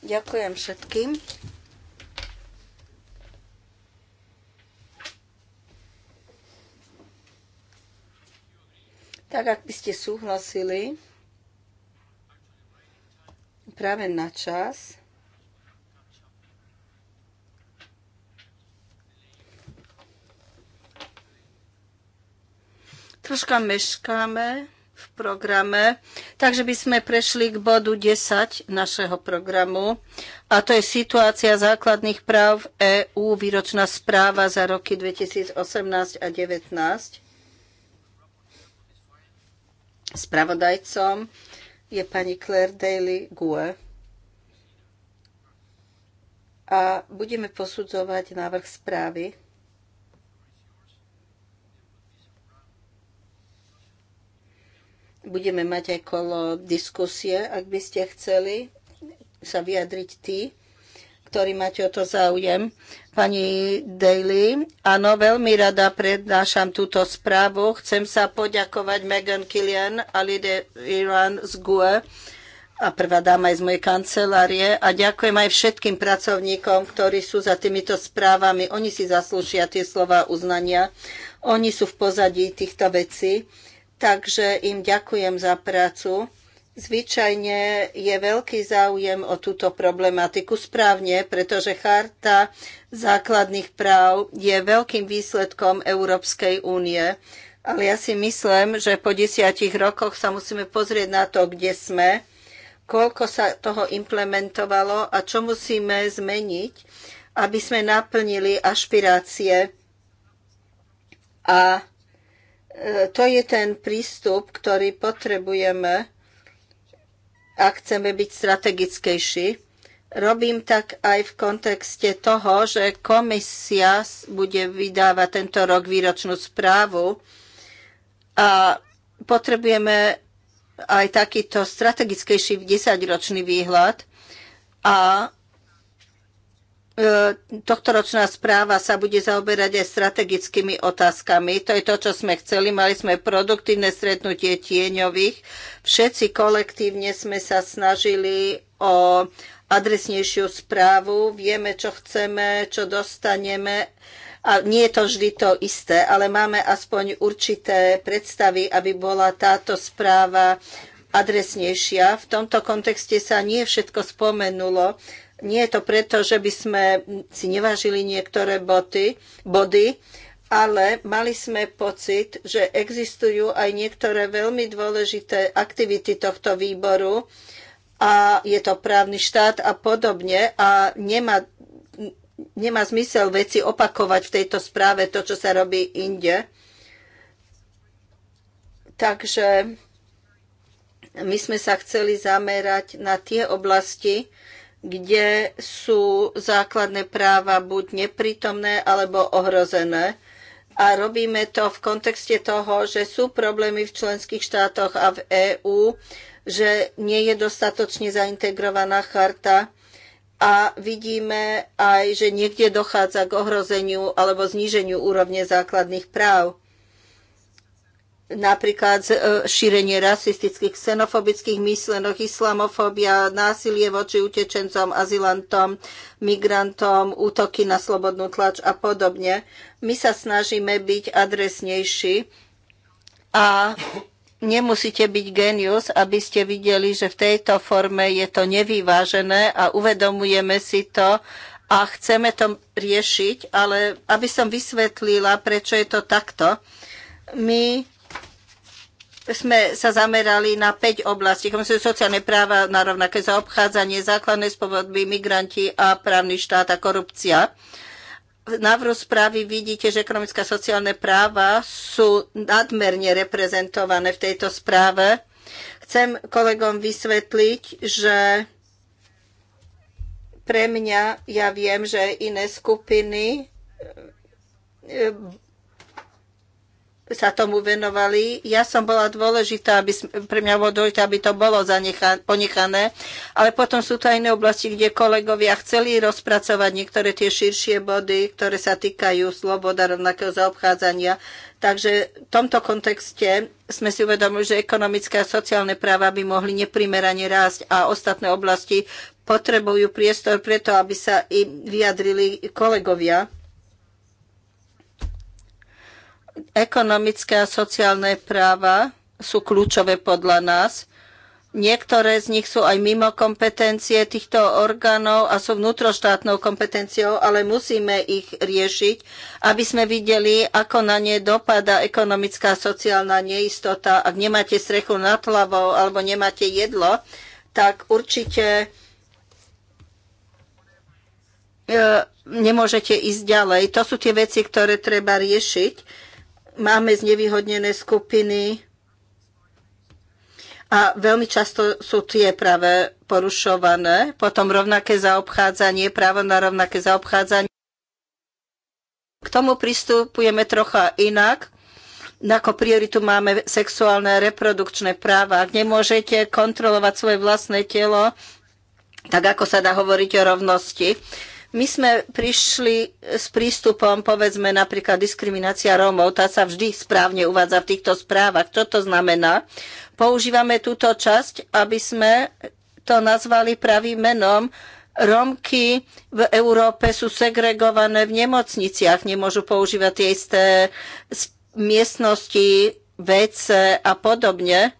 Ďakujem všetkým. Tak, ak by ste súhlasili práve na čas, troška meškáme v programe. Takže by sme prešli k bodu 10 našeho programu. A to je situácia základných práv v e EÚ, výročná správa za roky 2018 a 2019. Spravodajcom je pani Claire Daly Gue. A budeme posudzovať návrh správy. Budeme mať aj kolo diskusie, ak by ste chceli sa vyjadriť tí, ktorí máte o to záujem. Pani Daly, áno, veľmi rada prednášam túto správu. Chcem sa poďakovať Megan Killian a Lide Iran z GUE a prvá dáma aj z mojej kancelárie a ďakujem aj všetkým pracovníkom, ktorí sú za týmito správami. Oni si zaslúšia tie slova uznania. Oni sú v pozadí týchto vecí takže im ďakujem za prácu. Zvyčajne je veľký záujem o túto problematiku správne, pretože charta základných práv je veľkým výsledkom Európskej únie. Ale ja si myslím, že po desiatich rokoch sa musíme pozrieť na to, kde sme, koľko sa toho implementovalo a čo musíme zmeniť, aby sme naplnili ašpirácie a to je ten prístup, ktorý potrebujeme, ak chceme byť strategickejší. Robím tak aj v kontexte toho, že komisia bude vydávať tento rok výročnú správu a potrebujeme aj takýto strategickejší 10-ročný výhľad a E, tohtoročná správa sa bude zaoberať aj strategickými otázkami. To je to, čo sme chceli. Mali sme produktívne stretnutie tieňových. Všetci kolektívne sme sa snažili o adresnejšiu správu. Vieme, čo chceme, čo dostaneme. A nie je to vždy to isté, ale máme aspoň určité predstavy, aby bola táto správa adresnejšia. V tomto kontexte sa nie všetko spomenulo nie je to preto, že by sme si nevážili niektoré boty, body, ale mali sme pocit, že existujú aj niektoré veľmi dôležité aktivity tohto výboru a je to právny štát a podobne a nemá, nemá zmysel veci opakovať v tejto správe to, čo sa robí inde. Takže my sme sa chceli zamerať na tie oblasti, kde sú základné práva buď neprítomné alebo ohrozené. A robíme to v kontexte toho, že sú problémy v členských štátoch a v EÚ, že nie je dostatočne zaintegrovaná charta a vidíme aj, že niekde dochádza k ohrozeniu alebo zníženiu úrovne základných práv napríklad e, šírenie rasistických, xenofobických myslenok, islamofóbia, násilie voči utečencom, azilantom, migrantom, útoky na slobodnú tlač a podobne. My sa snažíme byť adresnejší a nemusíte byť genius, aby ste videli, že v tejto forme je to nevyvážené a uvedomujeme si to, a chceme to riešiť, ale aby som vysvetlila, prečo je to takto, my sme sa zamerali na 5 oblastí. Komisie sociálne práva na rovnaké zaobchádzanie, základné spôsoby, migranti a právny štát a korupcia. V návrhu správy vidíte, že ekonomické sociálne práva sú nadmerne reprezentované v tejto správe. Chcem kolegom vysvetliť, že pre mňa, ja viem, že iné skupiny sa tomu venovali. Ja som bola dôležitá, aby, pre mňa bolo dôležité, aby to bolo zanechá, ponechané, ale potom sú to aj iné oblasti, kde kolegovia chceli rozpracovať niektoré tie širšie body, ktoré sa týkajú sloboda rovnakého zaobchádzania. Takže v tomto kontexte sme si uvedomili, že ekonomické a sociálne práva by mohli neprimerane rásť a ostatné oblasti potrebujú priestor preto, aby sa im vyjadrili kolegovia. Ekonomické a sociálne práva sú kľúčové podľa nás. Niektoré z nich sú aj mimo kompetencie týchto orgánov a sú vnútroštátnou kompetenciou, ale musíme ich riešiť, aby sme videli, ako na ne dopada ekonomická a sociálna neistota. Ak nemáte strechu nad hlavou alebo nemáte jedlo, tak určite e, nemôžete ísť ďalej. To sú tie veci, ktoré treba riešiť máme znevýhodnené skupiny a veľmi často sú tie práve porušované. Potom rovnaké zaobchádzanie, právo na rovnaké zaobchádzanie. K tomu pristupujeme trocha inak. Ako prioritu máme sexuálne a reprodukčné práva. Ak nemôžete kontrolovať svoje vlastné telo, tak ako sa dá hovoriť o rovnosti. My sme prišli s prístupom, povedzme napríklad diskriminácia Rómov, tá sa vždy správne uvádza v týchto správach. Čo to znamená? Používame túto časť, aby sme to nazvali pravým menom. Rómky v Európe sú segregované v nemocniciach, nemôžu používať tie isté miestnosti, WC a podobne.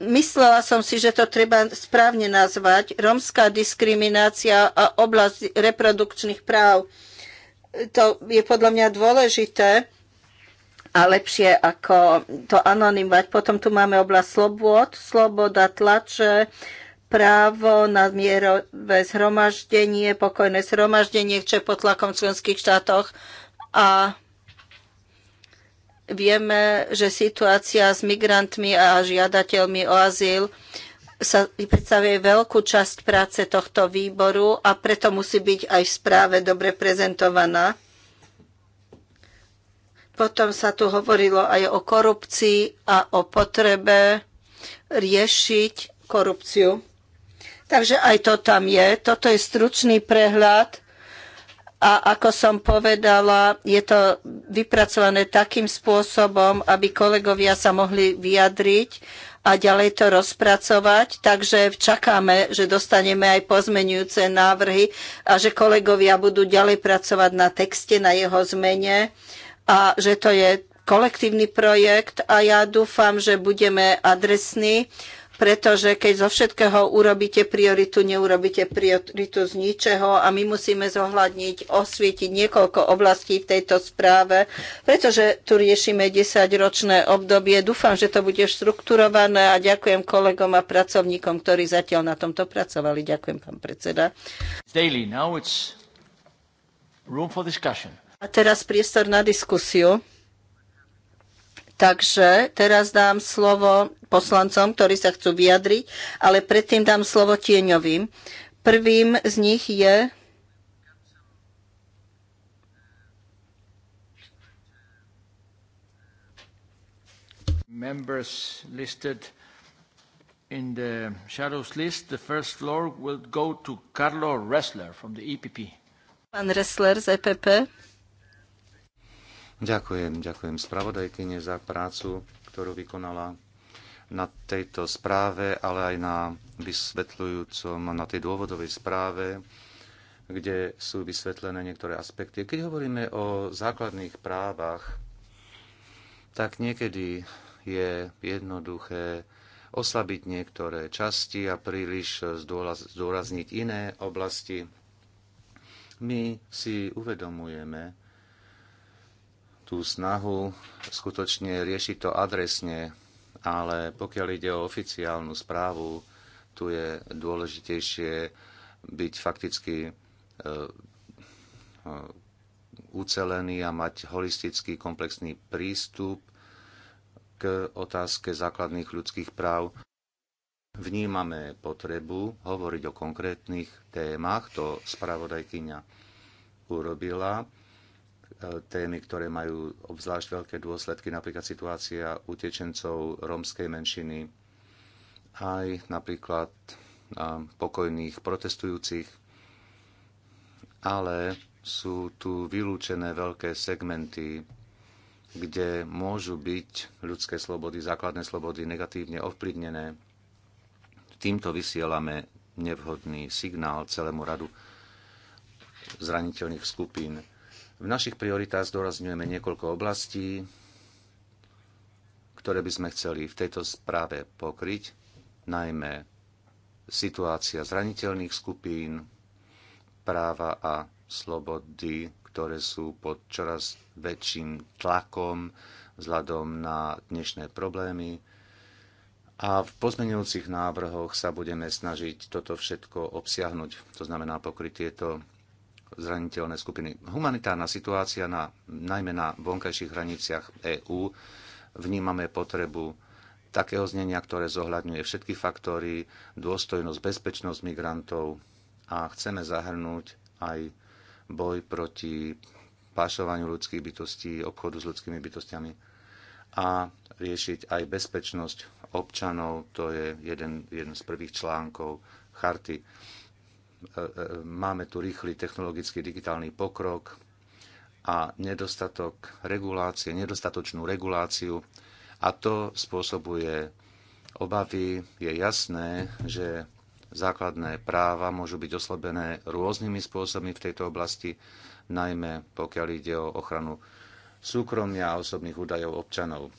Myslela som si, že to treba správne nazvať rómska diskriminácia a oblasť reprodukčných práv. To je podľa mňa dôležité a lepšie ako to anonymovať. Potom tu máme oblasť slobod, sloboda tlače, právo na mierové zhromaždenie, pokojné zhromaždenie, čo je pod tlakom v členských štátoch a Vieme, že situácia s migrantmi a žiadateľmi o azyl sa predstavuje veľkú časť práce tohto výboru a preto musí byť aj v správe dobre prezentovaná. Potom sa tu hovorilo aj o korupcii a o potrebe riešiť korupciu. Takže aj to tam je. Toto je stručný prehľad a ako som povedala, je to vypracované takým spôsobom, aby kolegovia sa mohli vyjadriť a ďalej to rozpracovať. Takže čakáme, že dostaneme aj pozmenujúce návrhy a že kolegovia budú ďalej pracovať na texte, na jeho zmene a že to je kolektívny projekt a ja dúfam, že budeme adresní pretože keď zo všetkého urobíte prioritu, neurobíte prioritu z ničeho a my musíme zohľadniť, osvietiť niekoľko oblastí v tejto správe, pretože tu riešime 10-ročné obdobie. Dúfam, že to bude štrukturované a ďakujem kolegom a pracovníkom, ktorí zatiaľ na tomto pracovali. Ďakujem, pán predseda. A teraz priestor na diskusiu. Takže teraz dám slovo poslancom, ktorí sa chcú vyjadriť, ale predtým dám slovo tieňovým. Prvým z nich je members listed in the shadows list. The first floor will go to Carlo Ressler from the EPP. Pán Ressler z EPP. Ďakujem, ďakujem spravodajkyne za prácu, ktorú vykonala na tejto správe, ale aj na vysvetľujúcom, na tej dôvodovej správe, kde sú vysvetlené niektoré aspekty. Keď hovoríme o základných právach, tak niekedy je jednoduché oslabiť niektoré časti a príliš zdôrazniť iné oblasti. My si uvedomujeme, tú snahu skutočne riešiť to adresne, ale pokiaľ ide o oficiálnu správu, tu je dôležitejšie byť fakticky e, e, ucelený a mať holistický komplexný prístup k otázke základných ľudských práv. Vnímame potrebu hovoriť o konkrétnych témach, to spravodajkyňa urobila. E, témy, ktoré majú obzvlášť veľké dôsledky, napríklad situácia utečencov rómskej menšiny, aj napríklad e, pokojných protestujúcich, ale sú tu vylúčené veľké segmenty, kde môžu byť ľudské slobody, základné slobody negatívne ovplyvnené. Týmto vysielame nevhodný signál celému radu zraniteľných skupín v našich prioritách zdôrazňujeme niekoľko oblastí, ktoré by sme chceli v tejto správe pokryť, najmä situácia zraniteľných skupín, práva a slobody, ktoré sú pod čoraz väčším tlakom vzhľadom na dnešné problémy. A v pozmenujúcich návrhoch sa budeme snažiť toto všetko obsiahnuť, to znamená pokryť tieto zraniteľné skupiny. Humanitárna situácia na, najmä na vonkajších hraniciach EÚ vnímame potrebu takého znenia, ktoré zohľadňuje všetky faktory, dôstojnosť, bezpečnosť migrantov a chceme zahrnúť aj boj proti pášovaniu ľudských bytostí, obchodu s ľudskými bytostiami a riešiť aj bezpečnosť občanov, to je jeden, jeden z prvých článkov charty E, e, máme tu rýchly technologický digitálny pokrok a nedostatok regulácie, nedostatočnú reguláciu a to spôsobuje obavy. Je jasné, že základné práva môžu byť oslabené rôznymi spôsobmi v tejto oblasti, najmä pokiaľ ide o ochranu súkromia a osobných údajov občanov.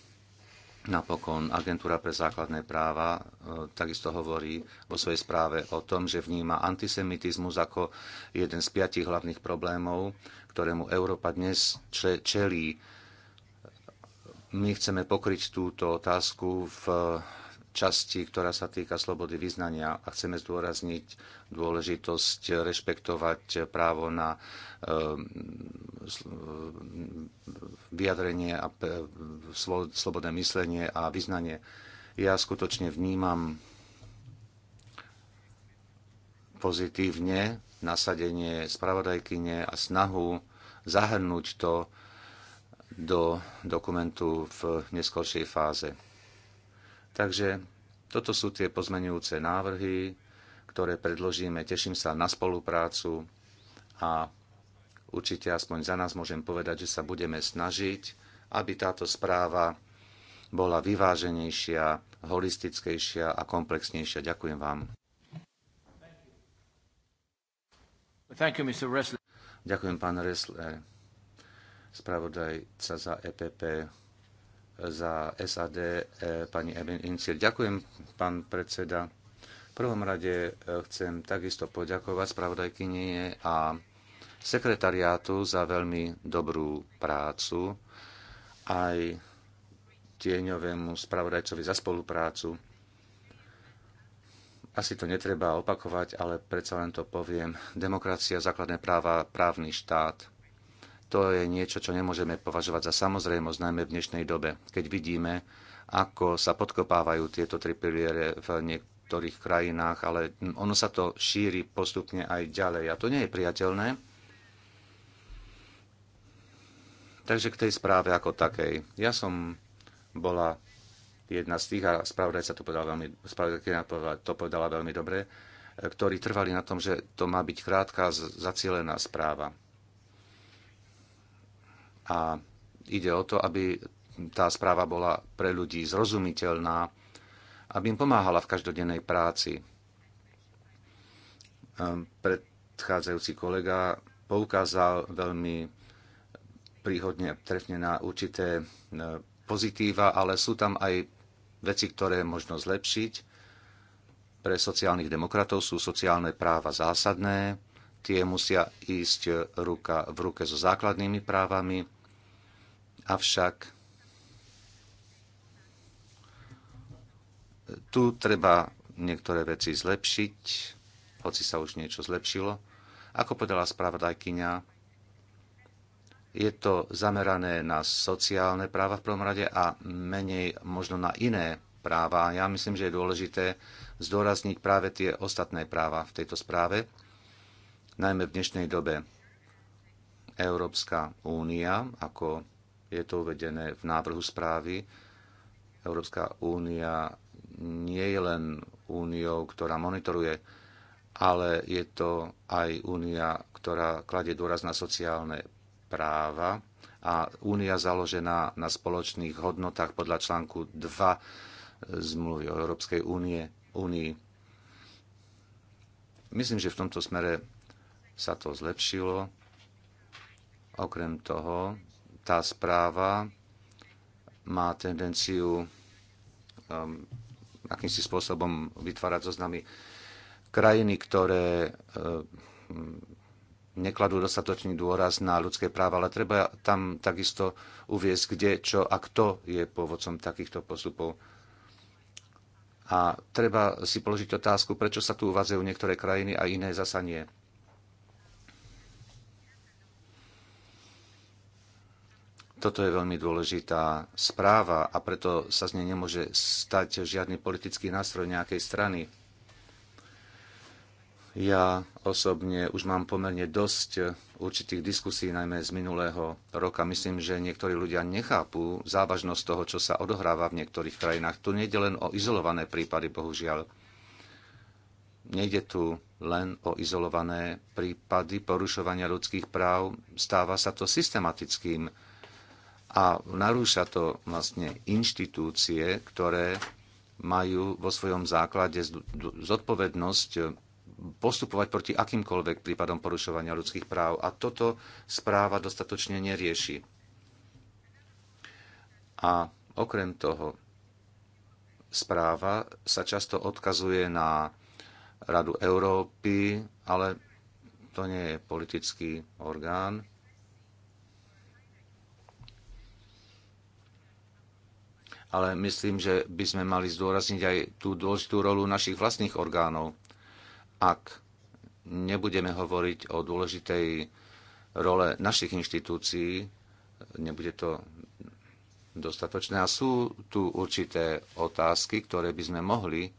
Napokon Agentúra pre základné práva e, takisto hovorí vo svojej správe o tom, že vníma antisemitizmus ako jeden z piatich hlavných problémov, ktorému Európa dnes čelí. My chceme pokryť túto otázku v časti, ktorá sa týka slobody vyznania a chceme zdôrazniť dôležitosť rešpektovať právo na ehm, vyjadrenie a slobodné myslenie a vyznanie. Ja skutočne vnímam pozitívne nasadenie spravodajkyne a snahu zahrnúť to do dokumentu v neskoršej fáze. Takže toto sú tie pozmenujúce návrhy, ktoré predložíme. Teším sa na spoluprácu a určite aspoň za nás môžem povedať, že sa budeme snažiť, aby táto správa bola vyváženejšia, holistickejšia a komplexnejšia. Ďakujem vám. Thank you, Mr. Ďakujem, pán Resler. spravodajca za EPP za SAD e, pani Eben Incil. Ďakujem, pán predseda. V prvom rade e, chcem takisto poďakovať spravodajkyni a sekretariátu za veľmi dobrú prácu, aj tieňovému spravodajcovi za spoluprácu. Asi to netreba opakovať, ale predsa len to poviem. Demokracia, základné práva, právny štát – to je niečo, čo nemôžeme považovať za samozrejmosť, najmä v dnešnej dobe, keď vidíme, ako sa podkopávajú tieto tri piliere v niektorých krajinách, ale ono sa to šíri postupne aj ďalej a to nie je priateľné. Takže k tej správe ako takej. Ja som bola jedna z tých, a spravodajca to povedala veľmi, to povedala veľmi dobre, ktorí trvali na tom, že to má byť krátka, zacielená správa a ide o to, aby tá správa bola pre ľudí zrozumiteľná, aby im pomáhala v každodennej práci. Ehm, predchádzajúci kolega poukázal veľmi príhodne trefne na určité e, pozitíva, ale sú tam aj veci, ktoré možno zlepšiť. Pre sociálnych demokratov sú sociálne práva zásadné, tie musia ísť ruka v ruke so základnými právami Avšak e, tu treba niektoré veci zlepšiť, hoci sa už niečo zlepšilo. Ako povedala spravodajkyňa, je to zamerané na sociálne práva v prvom rade a menej možno na iné práva. Ja myslím, že je dôležité zdôrazniť práve tie ostatné práva v tejto správe, najmä v dnešnej dobe. Európska únia ako je to uvedené v návrhu správy. Európska únia nie je len úniou, ktorá monitoruje, ale je to aj únia, ktorá kladie dôraz na sociálne práva a únia založená na spoločných hodnotách podľa článku 2 zmluvy o Európskej únie, únii. Myslím, že v tomto smere sa to zlepšilo. Okrem toho, tá správa má tendenciu um, akýmsi spôsobom vytvárať zoznamy krajiny, ktoré um, nekladú dostatočný dôraz na ľudské práva, ale treba tam takisto uviezť, kde, čo a kto je pôvodcom takýchto postupov. A treba si položiť otázku, prečo sa tu uvádzajú niektoré krajiny a iné zasa nie. Toto je veľmi dôležitá správa a preto sa z nej nemôže stať žiadny politický nástroj nejakej strany. Ja osobne už mám pomerne dosť určitých diskusí, najmä z minulého roka. Myslím, že niektorí ľudia nechápu závažnosť toho, čo sa odohráva v niektorých krajinách. Tu nejde len o izolované prípady, bohužiaľ. Nejde tu len o izolované prípady porušovania ľudských práv. Stáva sa to systematickým a narúša to vlastne inštitúcie, ktoré majú vo svojom základe zodpovednosť e, postupovať proti akýmkoľvek prípadom porušovania ľudských práv. A toto správa dostatočne nerieši. A okrem toho, správa sa často odkazuje na Radu Európy, ale to nie je politický orgán, ale myslím, že by sme mali zdôrazniť aj tú dôležitú rolu našich vlastných orgánov. Ak nebudeme hovoriť o dôležitej role našich inštitúcií, nebude to dostatočné. A sú tu určité otázky, ktoré by sme mohli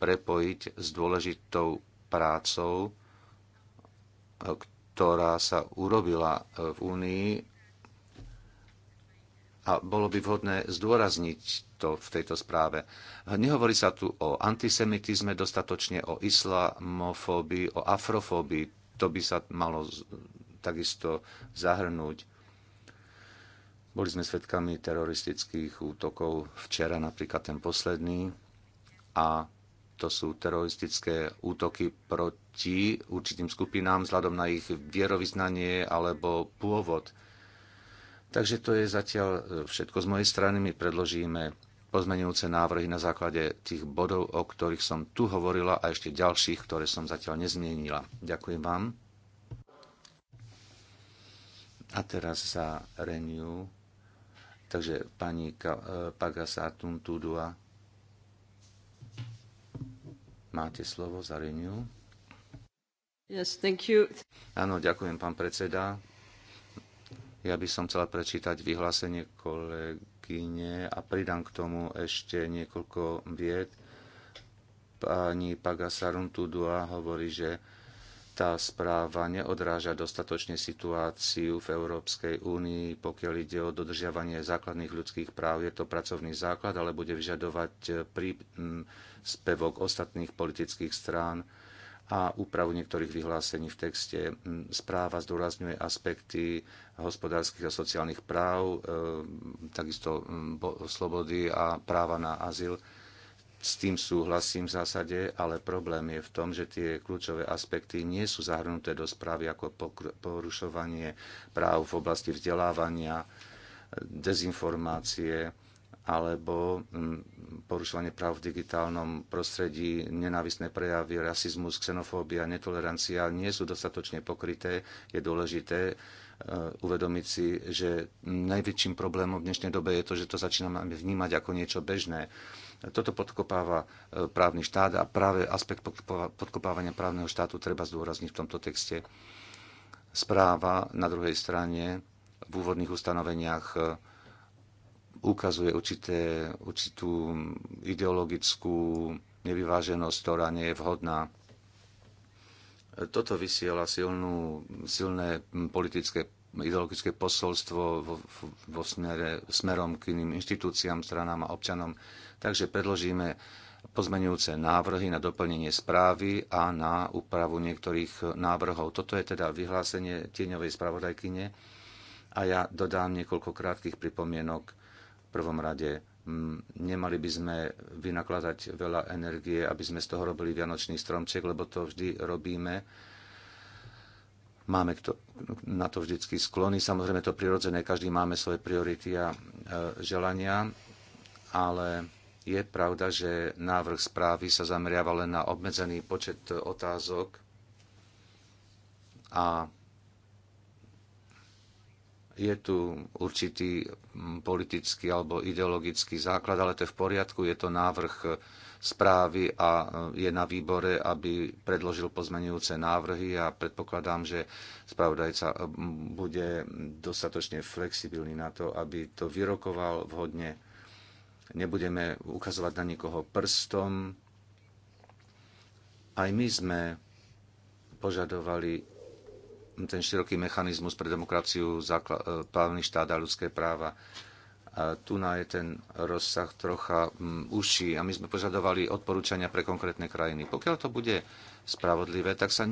prepojiť s dôležitou prácou, ktorá sa urobila v Únii a bolo by vhodné zdôrazniť to v tejto správe. Nehovorí sa tu o antisemitizme, dostatočne o islamofóbii, o afrofóbii. To by sa malo takisto zahrnúť. Boli sme svedkami teroristických útokov včera, napríklad ten posledný, a to sú teroristické útoky proti určitým skupinám vzhľadom na ich vierovýznanie alebo pôvod. Takže to je zatiaľ e, všetko z mojej strany. My predložíme pozmenujúce návrhy na základe tých bodov, o ktorých som tu hovorila a ešte ďalších, ktoré som zatiaľ nezmienila. Ďakujem vám. A teraz za Renew. Takže pani e, Pagasa Tuntudua. Máte slovo za Renew. Yes, thank you. Áno, ďakujem, pán predseda. Ja by som chcela prečítať vyhlásenie kolegyne a pridám k tomu ešte niekoľko vied. Pani Pagasaruntu Dua hovorí, že tá správa neodráža dostatočne situáciu v Európskej únii, pokiaľ ide o dodržiavanie základných ľudských práv. Je to pracovný základ, ale bude vyžadovať príspevok ostatných politických strán a úpravu niektorých vyhlásení v texte. Mm, správa zdôrazňuje aspekty hospodárskych a sociálnych práv, e, takisto mm, slobody a práva na azyl. S tým súhlasím v zásade, ale problém je v tom, že tie kľúčové aspekty nie sú zahrnuté do správy ako porušovanie práv v oblasti vzdelávania, dezinformácie, alebo mm, porušovanie práv v digitálnom prostredí, nenávisné prejavy, rasizmus, xenofóbia, netolerancia nie sú dostatočne pokryté. Je dôležité e, uvedomiť si, že najväčším problémom v dnešnej dobe je to, že to začíname vnímať ako niečo bežné. Toto podkopáva e, právny štát a práve aspekt podkopávania právneho štátu treba zdôrazniť v tomto texte. Správa na druhej strane v úvodných ustanoveniach e, ukazuje určité, určitú ideologickú nevyváženosť, ktorá nie je vhodná. Toto vysiela silnú, silné politické ideologické posolstvo vo, vo smere, smerom k iným inštitúciám, stranám a občanom. Takže predložíme pozmenujúce návrhy na doplnenie správy a na úpravu niektorých návrhov. Toto je teda vyhlásenie tieňovej spravodajkyne a ja dodám niekoľko krátkých pripomienok prvom rade nemali by sme vynakladať veľa energie, aby sme z toho robili vianočný stromček, lebo to vždy robíme. Máme na to vždycky sklony, samozrejme to prirodzené, každý máme svoje priority a e, želania, ale je pravda, že návrh správy sa zameriava len na obmedzený počet otázok a je tu určitý mm, politický alebo ideologický základ, ale to je v poriadku, je to návrh správy a e, je na výbore, aby predložil pozmenujúce návrhy a predpokladám, že spravodajca e, bude dostatočne flexibilný na to, aby to vyrokoval vhodne. Nebudeme ukazovať na nikoho prstom. Aj my sme požadovali ten široký mechanizmus pre demokraciu, e, právny štát a ľudské práva. A tu na je ten rozsah trocha mm, uší a my sme požadovali odporúčania pre konkrétne krajiny. Pokiaľ to bude spravodlivé, tak sa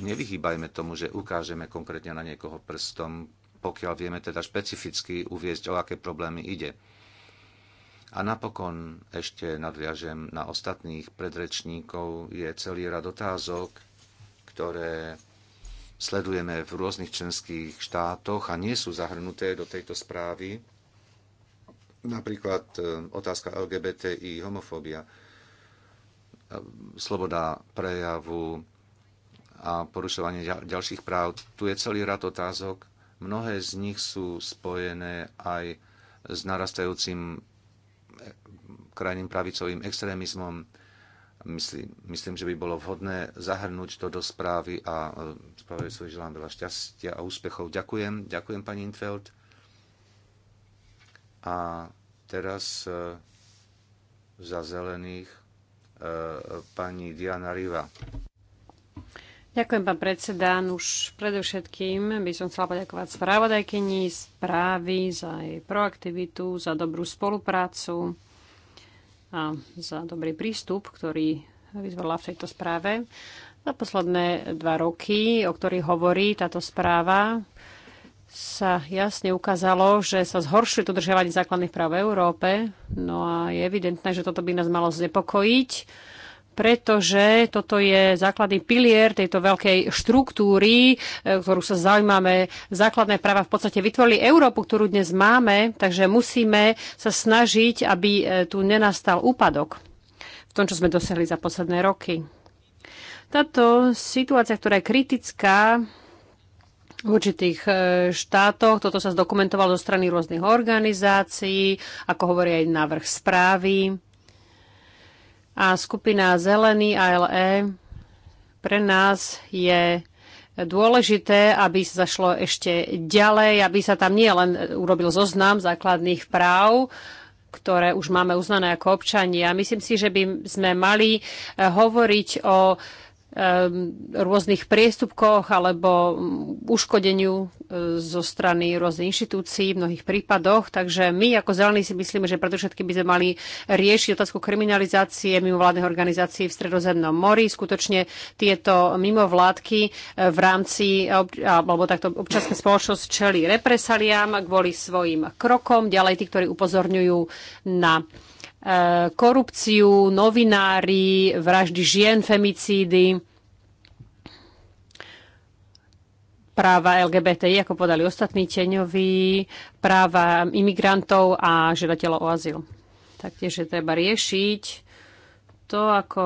nevyhýbajme tomu, že ukážeme konkrétne na niekoho prstom, pokiaľ vieme teda špecificky uviezť, o aké problémy ide. A napokon ešte nadviažem na ostatných predrečníkov. Je celý rad otázok, ktoré sledujeme v rôznych členských štátoch a nie sú zahrnuté do tejto správy. Napríklad e, otázka LGBTI, homofóbia, e, sloboda prejavu a porušovanie ďalších práv. Tu je celý rad otázok. Mnohé z nich sú spojené aj s narastajúcim e, krajným pravicovým extrémizmom, Myslím, myslím, že by bolo vhodné zahrnúť to do správy a e, správy svoje želám veľa šťastia a úspechov. Ďakujem, ďakujem pani Infeld. A teraz e, za zelených e, pani Diana Riva. Ďakujem, pán predseda. Už predovšetkým by som chcela poďakovať správodajkyni správy za jej proaktivitu, za dobrú spoluprácu a za dobrý prístup, ktorý vyzvala v tejto správe. Za posledné dva roky, o ktorých hovorí táto správa, sa jasne ukázalo, že sa zhoršuje dodržiavanie základných práv v Európe. No a je evidentné, že toto by nás malo znepokojiť pretože toto je základný pilier tejto veľkej štruktúry, e, ktorú sa zaujímame. Základné práva v podstate vytvorili Európu, ktorú dnes máme, takže musíme sa snažiť, aby e, tu nenastal úpadok v tom, čo sme dosiahli za posledné roky. Táto situácia, ktorá je kritická, v určitých e, štátoch. Toto sa zdokumentovalo zo strany rôznych organizácií, ako hovorí aj návrh správy. A skupina Zelený ALE pre nás je dôležité, aby sa zašlo ešte ďalej, aby sa tam nie len urobil zoznam základných práv, ktoré už máme uznané ako občania. Myslím si, že by sme mali eh, hovoriť o rôznych priestupkoch alebo uškodeniu zo strany rôznych inštitúcií v mnohých prípadoch. Takže my ako zelení si myslíme, že všetky by sme mali riešiť otázku kriminalizácie mimovládnych organizácií v Stredozemnom mori. Skutočne tieto mimovládky v rámci alebo takto občanská spoločnosť čeli represaliám kvôli svojim krokom. Ďalej tí, ktorí upozorňujú na korupciu, novinári, vraždy žien, femicídy, práva LGBTI, ako podali ostatní teňoví, práva imigrantov a žiadateľov o azyl. Taktiež je treba riešiť to, ako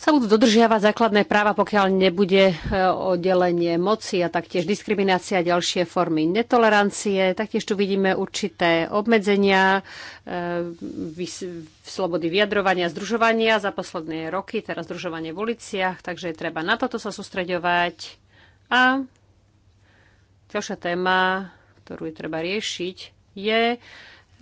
sa budú dodržiavať základné práva, pokiaľ nebude e, oddelenie moci a taktiež diskriminácia a ďalšie formy netolerancie. Taktiež tu vidíme určité obmedzenia e, slobody vyjadrovania, združovania za posledné roky, teraz združovanie v uliciach, takže je treba na toto sa sústreďovať. A ďalšia téma, ktorú je treba riešiť, je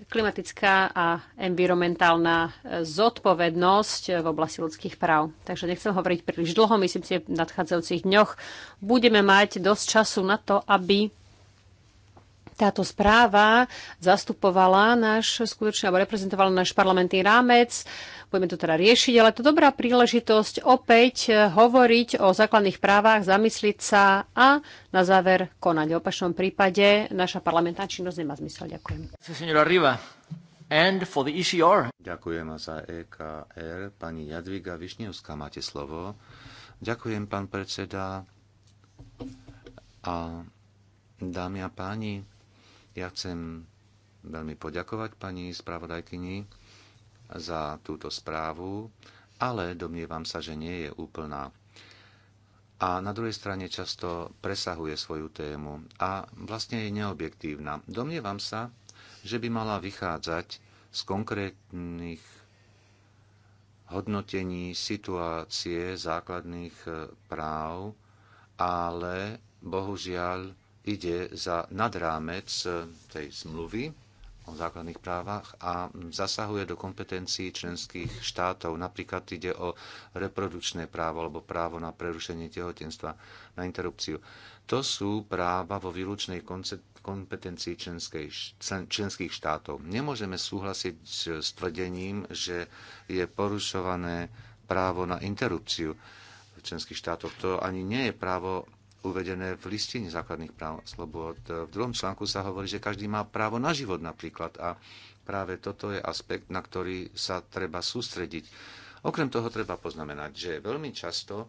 klimatická a environmentálna e, zodpovednosť e, v oblasti ľudských práv. Takže nechcem hovoriť príliš dlho, myslím si, v nadchádzajúcich dňoch budeme mať dosť času na to, aby táto správa zastupovala náš skutočne, alebo reprezentovala náš parlamentný rámec Budeme to teda riešiť, ale to dobrá príležitosť opäť eh, hovoriť o základných právach, zamysliť sa a na záver konať. V opačnom prípade naša parlamentná činnosť nemá zmysel. Ďakujem. And for the ECR. Ďakujem za EKR. Pani Jadviga Višňovská, máte slovo. Ďakujem, pán predseda. A dámy a páni, ja chcem veľmi poďakovať pani spravodajkyni za túto správu, ale domnievam sa, že nie je úplná. A na druhej strane často presahuje svoju tému a vlastne je neobjektívna. Domnievam sa, že by mala vychádzať z konkrétnych hodnotení situácie základných e, práv, ale bohužiaľ ide za nad rámec e, tej zmluvy o základných právach a zasahuje do kompetencií členských štátov. Napríklad ide o reprodukčné právo alebo právo na prerušenie tehotenstva, na interrupciu. To sú práva vo výlučnej kompetencii členských štátov. Nemôžeme súhlasiť s tvrdením, že je porušované právo na interrupciu v členských štátoch. To ani nie je právo uvedené v listine základných práv a slobod. V druhom článku sa hovorí, že každý má právo na život napríklad a práve toto je aspekt, na ktorý sa treba sústrediť. Okrem toho treba poznamenať, že veľmi často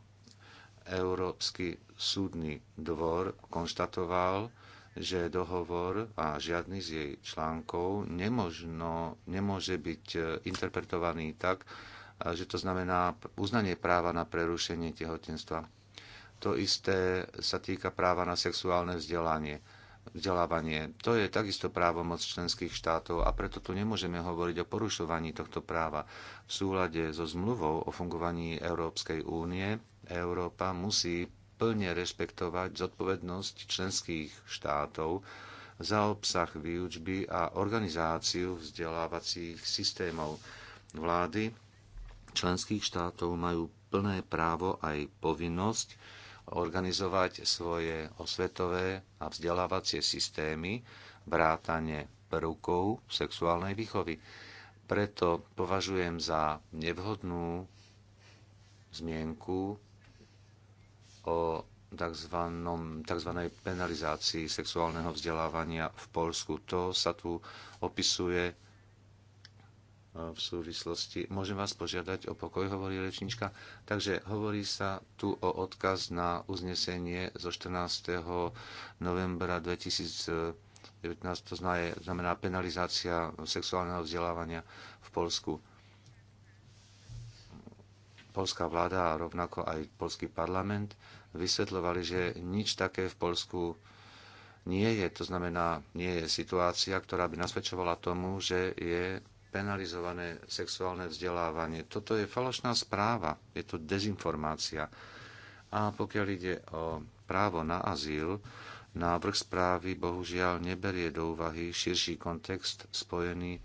Európsky súdny dvor konštatoval, že dohovor a žiadny z jej článkov nemožno, nemôže byť e, interpretovaný tak, že to znamená uznanie práva na prerušenie tehotenstva to isté sa týka práva na sexuálne vzdelanie, vzdelávanie. To je takisto právomoc členských štátov a preto tu nemôžeme hovoriť o porušovaní tohto práva. V súlade so zmluvou o fungovaní Európskej únie Európa musí plne rešpektovať zodpovednosť členských štátov za obsah výučby a organizáciu vzdelávacích systémov. Vlády členských štátov majú plné právo aj povinnosť organizovať svoje osvetové a vzdelávacie systémy vrátane prvkov sexuálnej výchovy. Preto považujem za nevhodnú zmienku o tzv. tzv. penalizácii sexuálneho vzdelávania v Polsku. To sa tu opisuje v súvislosti. Môžem vás požiadať o pokoj, hovorí rečnička. Takže hovorí sa tu o odkaz na uznesenie zo 14. novembra 2019, to znamená penalizácia sexuálneho vzdelávania v Polsku. Polská vláda a rovnako aj polský parlament vysvetľovali, že nič také v Polsku nie je. To znamená, nie je situácia, ktorá by nasvedčovala tomu, že je penalizované sexuálne vzdelávanie. Toto je falošná správa, je to dezinformácia. A pokiaľ ide o právo na azyl, návrh správy bohužiaľ neberie do úvahy širší kontext spojený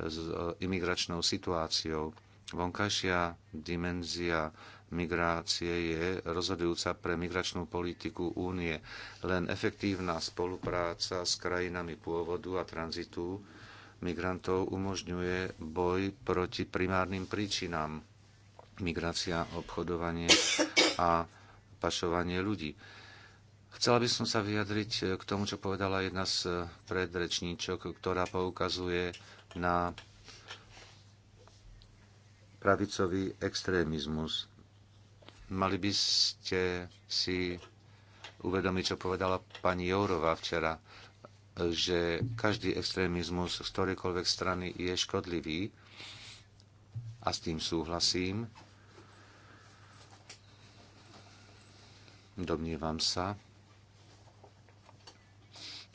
s e, imigračnou situáciou. Vonkajšia dimenzia migrácie je rozhodujúca pre migračnú politiku únie. Len efektívna spolupráca s krajinami pôvodu a tranzitu migrantov umožňuje boj proti primárnym príčinám. Migrácia, obchodovanie a pašovanie ľudí. Chcela by som sa vyjadriť k tomu, čo povedala jedna z predrečníčok, ktorá poukazuje na pravicový extrémizmus. Mali by ste si uvedomiť, čo povedala pani Jourova včera že každý extrémizmus z ktorejkoľvek strany je škodlivý a s tým súhlasím. Domnívam sa,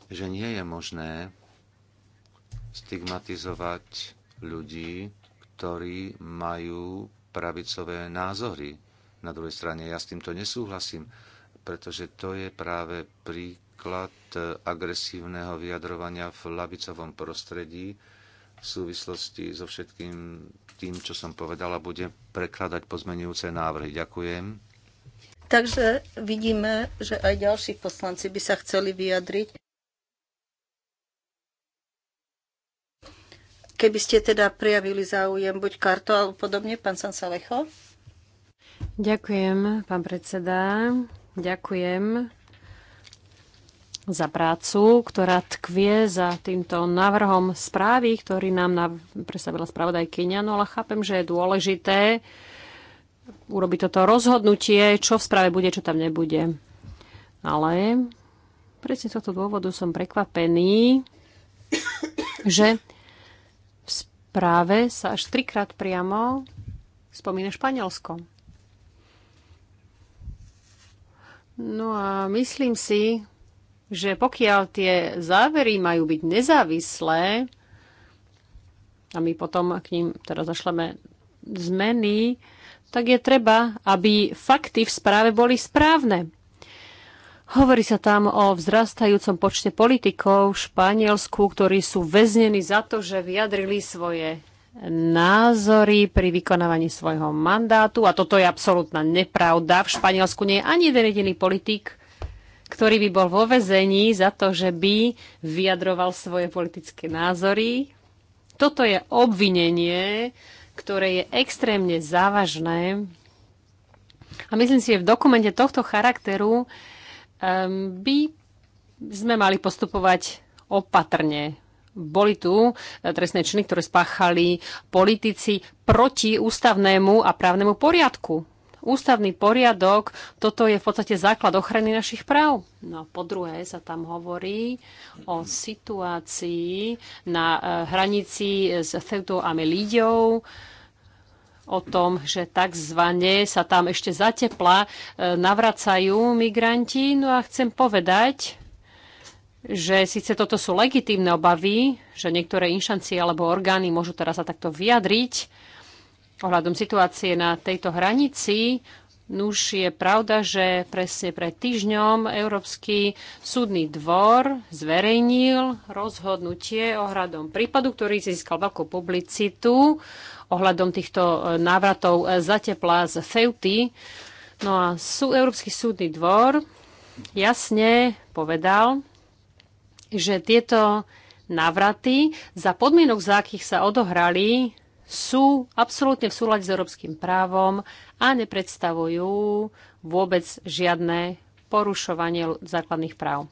že nie je možné stigmatizovať ľudí, ktorí majú pravicové názory. Na druhej strane ja s týmto nesúhlasím, pretože to je práve príklad príklad e, agresívneho vyjadrovania v lavicovom prostredí v súvislosti so všetkým tým, čo som povedala, bude prekladať pozmenujúce návrhy. Ďakujem. Takže vidíme, že aj ďalší poslanci by sa chceli vyjadriť. Keby ste teda prijavili záujem buď karto alebo podobne, pán Sansalecho. Ďakujem, pán predseda. Ďakujem za prácu, ktorá tkvie za týmto návrhom správy, ktorý nám na, predstavila spravodajkyňa. No ale chápem, že je dôležité urobiť toto rozhodnutie, čo v správe bude, čo tam nebude. Ale presne z tohto dôvodu som prekvapený, že v správe sa až trikrát priamo spomína Španielsko. No a myslím si, že pokiaľ tie závery majú byť nezávislé, a my potom k ním teraz zašleme zmeny, tak je treba, aby fakty v správe boli správne. Hovorí sa tam o vzrastajúcom počte politikov v Španielsku, ktorí sú väznení za to, že vyjadrili svoje názory pri vykonávaní svojho mandátu. A toto je absolútna nepravda. V Španielsku nie je ani jeden jediný politik, ktorý by bol vo vezení za to, že by vyjadroval svoje politické názory. Toto je obvinenie, ktoré je extrémne závažné. A myslím si, že v dokumente tohto charakteru um, by sme mali postupovať opatrne. Boli tu uh, trestné činy, ktoré spáchali politici proti ústavnému a právnemu poriadku ústavný poriadok, toto je v podstate základ ochrany našich práv. No po druhé sa tam hovorí o situácii na e, hranici s Ceutou a Melídiou, o tom, že takzvané sa tam ešte zatepla e, navracajú migranti. No a chcem povedať, že síce toto sú legitímne obavy, že niektoré inštancie alebo orgány môžu teraz sa takto vyjadriť, ohľadom situácie na tejto hranici, Nuž je pravda, že presne pred týždňom Európsky súdny dvor zverejnil rozhodnutie ohľadom prípadu, ktorý získal veľkú publicitu ohľadom týchto e, návratov e, za z Feuty. No a sú Európsky súdny dvor jasne povedal, že tieto návraty za podmienok, za akých sa odohrali, sú absolútne v súlade s európskym právom a nepredstavujú vôbec žiadne porušovanie základných práv.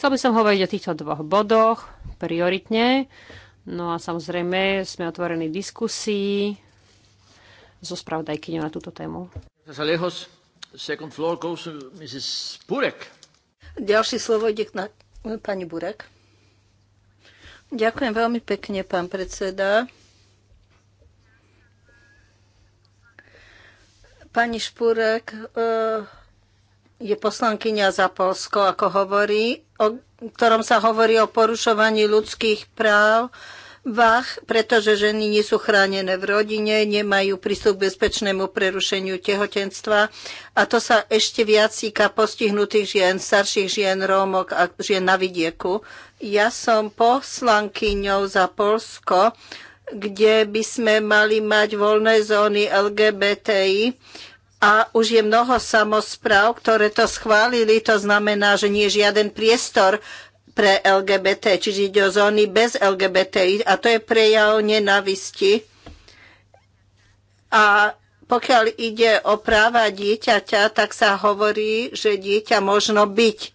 Chcel by som hovoriť o týchto dvoch bodoch prioritne. No a samozrejme sme otvorení diskusii so spravodajkyňou na túto tému. Ďalšie slovo ide na pani Burek. Ďakujem veľmi pekne, pán predseda. Pani Špúrek e, je poslankyňa za Polsko, ako hovorí, o ktorom sa hovorí o porušovaní ľudských práv, Vach, pretože ženy nie sú chránené v rodine, nemajú prístup k bezpečnému prerušeniu tehotenstva a to sa ešte viac týka postihnutých žien, starších žien, rómok a žien na vidieku. Ja som poslankyňou za Polsko, kde by sme mali mať voľné zóny LGBTI. A už je mnoho samozpráv, ktoré to schválili. To znamená, že nie je žiaden priestor pre LGBT, čiže ide o zóny bez LGBTI. A to je prejav nenavisti. A pokiaľ ide o práva dieťaťa, tak sa hovorí, že dieťa možno byť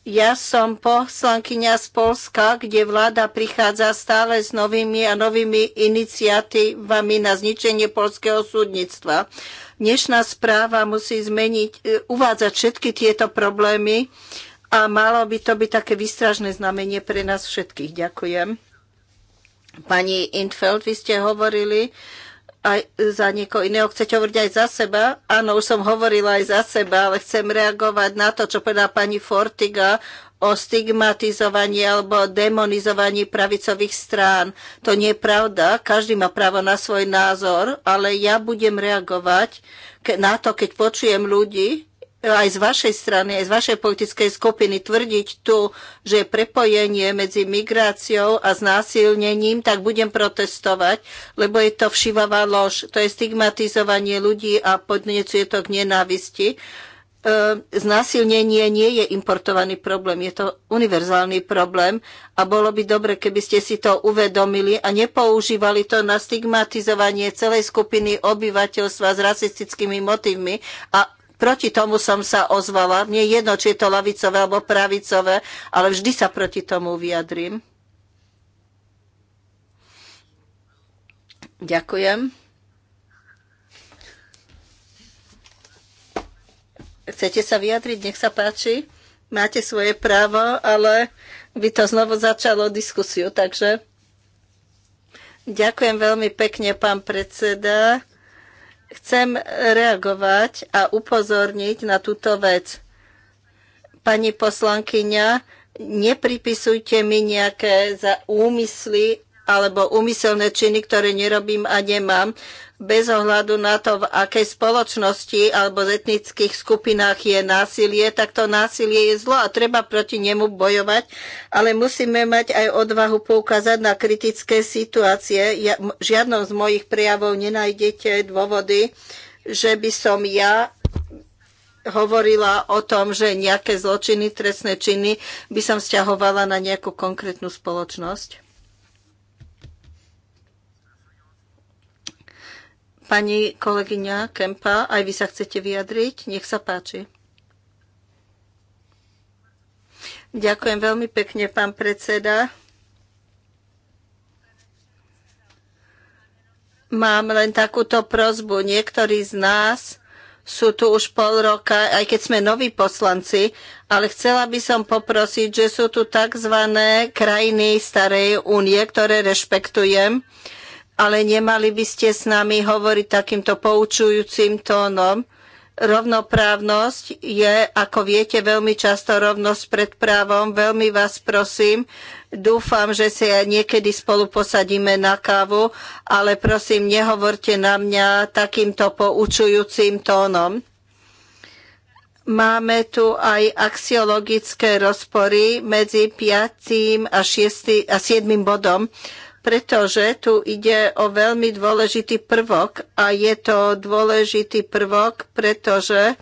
ja som poslankyňa z Polska, kde vláda prichádza stále s novými a novými iniciatívami na zničenie polského súdnictva. Dnešná správa musí zmeniť, e, uvádzať všetky tieto problémy a malo by to byť také výstražné znamenie pre nás všetkých. Ďakujem. Pani Intfeld, vy ste hovorili, aj za niekoho iného. Chcete hovoriť aj za seba? Áno, už som hovorila aj za seba, ale chcem reagovať na to, čo povedala pani Fortiga o stigmatizovaní alebo demonizovaní pravicových strán. To nie je pravda. Každý má právo na svoj názor, ale ja budem reagovať na to, keď počujem ľudí, aj z vašej strany, aj z vašej politickej skupiny tvrdiť tu, že je prepojenie medzi migráciou a znásilnením, tak budem protestovať, lebo je to všivavá lož, to je stigmatizovanie ľudí a podnecuje to k nenávisti. E, znásilnenie nie je importovaný problém, je to univerzálny problém a bolo by dobre, keby ste si to uvedomili a nepoužívali to na stigmatizovanie celej skupiny obyvateľstva s rasistickými motivmi a Proti tomu som sa ozvala. Mne jedno, či je to lavicové alebo pravicové, ale vždy sa proti tomu vyjadrím. Ďakujem. Chcete sa vyjadriť? Nech sa páči. Máte svoje právo, ale by to znovu začalo diskusiu, takže... Ďakujem veľmi pekne, pán predseda. Chcem reagovať a upozorniť na túto vec. Pani poslankyňa, nepripisujte mi nejaké za úmysly alebo úmyselné činy, ktoré nerobím a nemám, bez ohľadu na to, v akej spoločnosti alebo v etnických skupinách je násilie, tak to násilie je zlo a treba proti nemu bojovať, ale musíme mať aj odvahu poukázať na kritické situácie. Ja, žiadnom z mojich prejavov nenájdete dôvody, že by som ja hovorila o tom, že nejaké zločiny, trestné činy by som vzťahovala na nejakú konkrétnu spoločnosť. Pani kolegyňa Kempa, aj vy sa chcete vyjadriť? Nech sa páči. Ďakujem veľmi pekne, pán predseda. Mám len takúto prozbu. Niektorí z nás sú tu už pol roka, aj keď sme noví poslanci, ale chcela by som poprosiť, že sú tu tzv. krajiny Starej únie, ktoré rešpektujem ale nemali by ste s nami hovoriť takýmto poučujúcim tónom. Rovnoprávnosť je, ako viete, veľmi často rovnosť pred právom. Veľmi vás prosím, dúfam, že sa niekedy spolu posadíme na kávu, ale prosím, nehovorte na mňa takýmto poučujúcim tónom. Máme tu aj axiologické rozpory medzi 5. a, 6. a 7. bodom pretože tu ide o veľmi dôležitý prvok a je to dôležitý prvok, pretože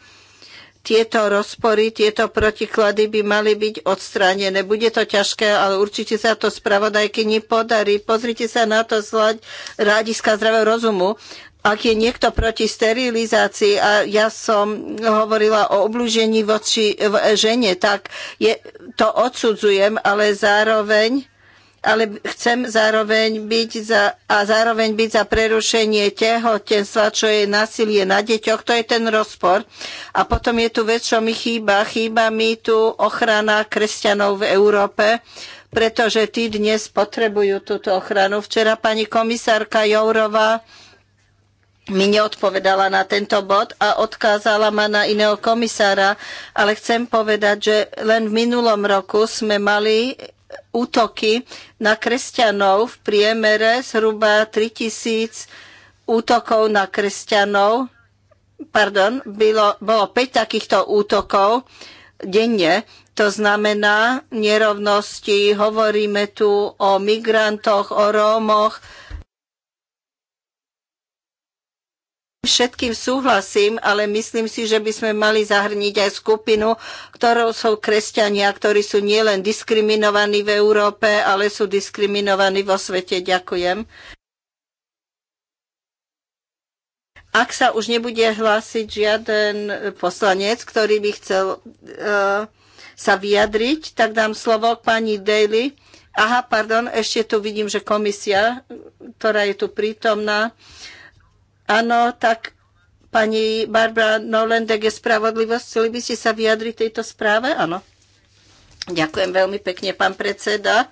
tieto rozpory, tieto protiklady by mali byť odstránené. Bude to ťažké, ale určite sa to spravodajky nepodarí. Pozrite sa na to z rádiska zdravého rozumu. Ak je niekto proti sterilizácii a ja som hovorila o oblúžení voči žene, tak je, to odsudzujem, ale zároveň ale chcem zároveň byť za, a zároveň byť za prerušenie tehotenstva, čo je násilie na deťoch, to je ten rozpor. A potom je tu vec, čo mi chýba. Chýba mi tu ochrana kresťanov v Európe, pretože tí dnes potrebujú túto ochranu. Včera pani komisárka Jourová mi neodpovedala na tento bod a odkázala ma na iného komisára, ale chcem povedať, že len v minulom roku sme mali útoky na kresťanov v priemere zhruba 3000 útokov na kresťanov. Pardon, bylo, bolo 5 takýchto útokov denne. To znamená nerovnosti, hovoríme tu o migrantoch, o Rómoch, všetkým súhlasím, ale myslím si, že by sme mali zahrniť aj skupinu, ktorou sú kresťania, ktorí sú nielen diskriminovaní v Európe, ale sú diskriminovaní vo svete. Ďakujem. Ak sa už nebude hlásiť žiaden poslanec, ktorý by chcel uh, sa vyjadriť, tak dám slovo k pani Daly. Aha, pardon, ešte tu vidím, že komisia, ktorá je tu prítomná, uh, Áno, tak pani Barbara Nolendek je spravodlivosť. Chceli by ste sa vyjadriť tejto správe? Áno. Ďakujem veľmi pekne, pán predseda.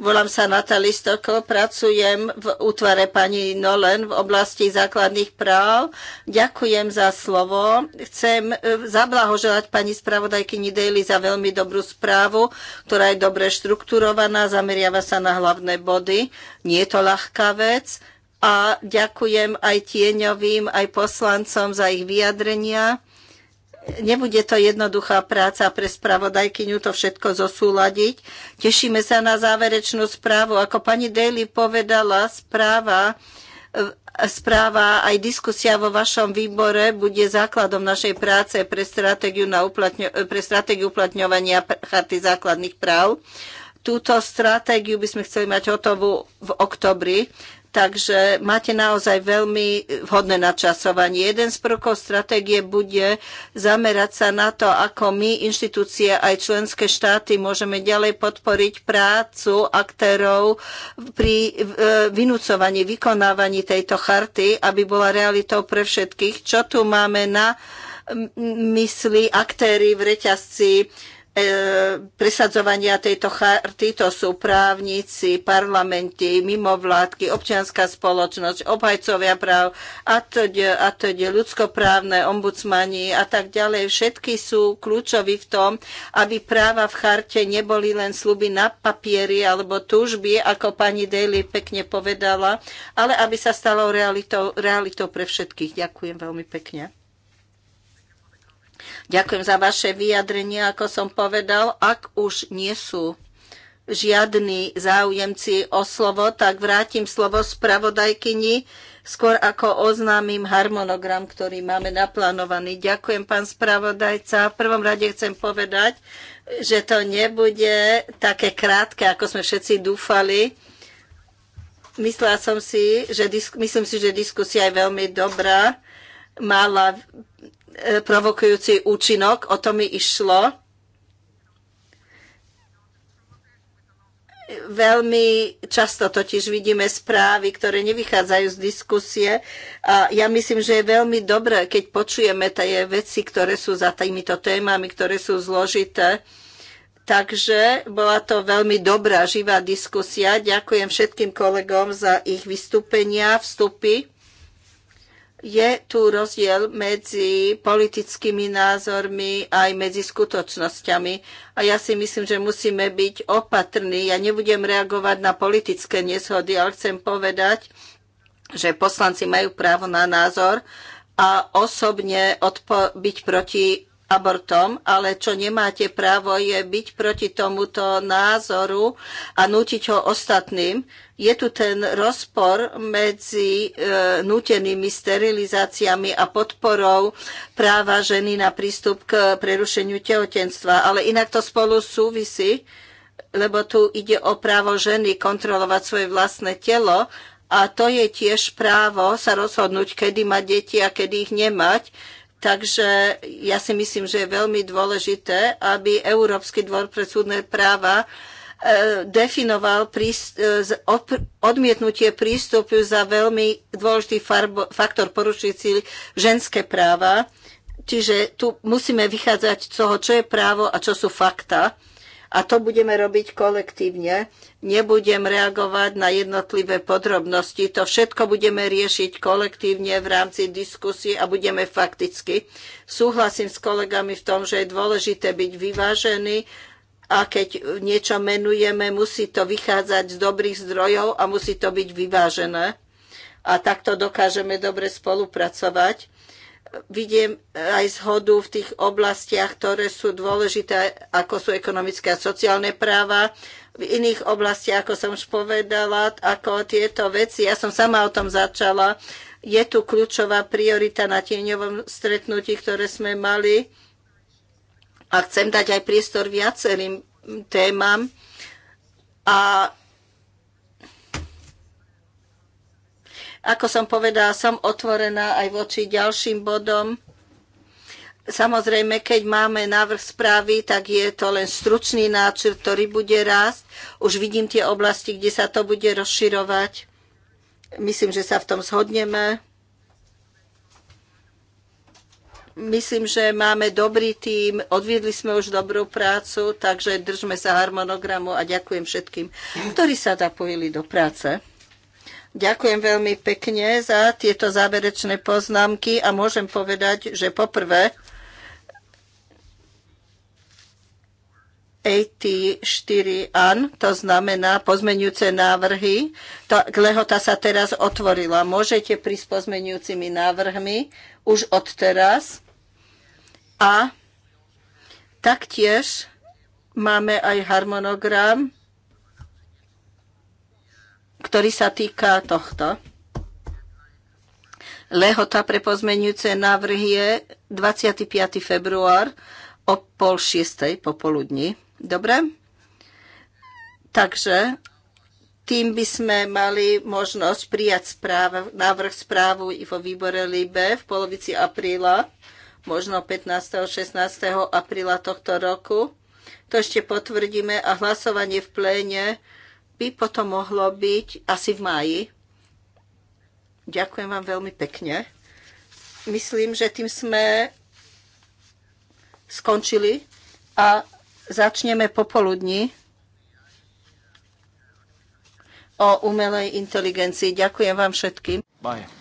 Volám sa Natali Stoko, pracujem v útvare pani Nolen v oblasti základných práv. Ďakujem za slovo. Chcem e, zablahoželať pani spravodajkyni Daly za veľmi dobrú správu, ktorá je dobre štrukturovaná, zameriava sa na hlavné body. Nie je to ľahká vec a ďakujem aj tieňovým, aj poslancom za ich vyjadrenia. Nebude to jednoduchá práca pre spravodajkyňu to všetko zosúladiť. Tešíme sa na záverečnú správu. Ako pani Daly povedala, správa správa aj diskusia vo vašom výbore bude základom našej práce pre stratégiu, na uplatňo- pre stratégiu uplatňovania charty základných práv. Túto stratégiu by sme chceli mať hotovú v oktobri. Takže máte naozaj veľmi vhodné načasovanie. Jeden z prvkov stratégie bude zamerať sa na to, ako my, inštitúcie aj členské štáty môžeme ďalej podporiť prácu aktérov pri e, vynúcovaní, vykonávaní tejto charty, aby bola realitou pre všetkých. Čo tu máme na mysli aktéry v reťazci E, presadzovania tejto charty, to sú právnici, parlamenty, mimovládky, občianská spoločnosť, obhajcovia práv a atď, ľudskoprávne ombudsmani a tak ďalej. Všetky sú kľúčoví v tom, aby práva v charte neboli len sluby na papieri alebo túžby, ako pani Daly pekne povedala, ale aby sa stalo realitou, realitou pre všetkých. Ďakujem veľmi pekne. Ďakujem za vaše vyjadrenie, ako som povedal. Ak už nie sú žiadni záujemci o slovo, tak vrátim slovo spravodajkyni, skôr ako oznámim harmonogram, ktorý máme naplánovaný. Ďakujem, pán spravodajca. V prvom rade chcem povedať, že to nebude také krátke, ako sme všetci dúfali. Myslela som si, že, myslím si, že diskusia je veľmi dobrá. Mala E, provokujúci účinok, o to mi išlo. Veľmi často totiž vidíme správy, ktoré nevychádzajú z diskusie a ja myslím, že je veľmi dobré, keď počujeme tie veci, ktoré sú za týmito témami, ktoré sú zložité. Takže bola to veľmi dobrá, živá diskusia. Ďakujem všetkým kolegom za ich vystúpenia, vstupy je tu rozdiel medzi politickými názormi aj medzi skutočnosťami. A ja si myslím, že musíme byť opatrní. Ja nebudem reagovať na politické neshody, ale chcem povedať, že poslanci majú právo na názor a osobne byť proti abortom, ale čo nemáte právo je byť proti tomuto názoru a nútiť ho ostatným. Je tu ten rozpor medzi e, nútenými sterilizáciami a podporou práva ženy na prístup k prerušeniu tehotenstva, ale inak to spolu súvisí, lebo tu ide o právo ženy kontrolovať svoje vlastné telo a to je tiež právo sa rozhodnúť, kedy mať deti a kedy ich nemať Takže ja si myslím, že je veľmi dôležité, aby Európsky dvor pre súdne práva e, definoval e, odmietnutie prístupu za veľmi dôležitý faktor porušujúci ženské práva. Čiže tu musíme vychádzať z toho, čo je právo a čo sú fakta. A to budeme robiť kolektívne. Nebudem reagovať na jednotlivé podrobnosti. To všetko budeme riešiť kolektívne v rámci diskusie a budeme fakticky. Súhlasím s kolegami v tom, že je dôležité byť vyvážený, a keď niečo menujeme, musí to vychádzať z dobrých zdrojov a musí to byť vyvážené. A takto dokážeme dobre spolupracovať vidím aj zhodu v tých oblastiach, ktoré sú dôležité, ako sú ekonomické a sociálne práva, v iných oblastiach, ako som už povedala, ako tieto veci. Ja som sama o tom začala. Je tu kľúčová priorita na tieňovom stretnutí, ktoré sme mali. A chcem dať aj priestor viacerým témam. A Ako som povedala, som otvorená aj voči ďalším bodom. Samozrejme, keď máme návrh správy, tak je to len stručný náčrt, ktorý bude rásť. Už vidím tie oblasti, kde sa to bude rozširovať. Myslím, že sa v tom zhodneme. Myslím, že máme dobrý tím, odviedli sme už dobrú prácu, takže držme sa harmonogramu a ďakujem všetkým, ktorí sa zapojili do práce. Ďakujem veľmi pekne za tieto záverečné poznámky a môžem povedať, že poprvé AT4AN, to znamená pozmeňujúce návrhy. to, lehota sa teraz otvorila. Môžete prísť pozmeňujúcimi návrhmi už od teraz. A taktiež máme aj harmonogram ktorý sa týka tohto. Lehota pre pozmenujúce návrhy je 25. február o pol šiestej popoludní. Dobre? Takže tým by sme mali možnosť prijať správ, návrh správu i vo výbore LIBE v polovici apríla, možno 15. 16. apríla tohto roku. To ešte potvrdíme a hlasovanie v pléne by potom mohlo byť asi v máji. Ďakujem vám veľmi pekne. Myslím, že tým sme skončili a začneme popoludní o umelej inteligencii. Ďakujem vám všetkým. Bye.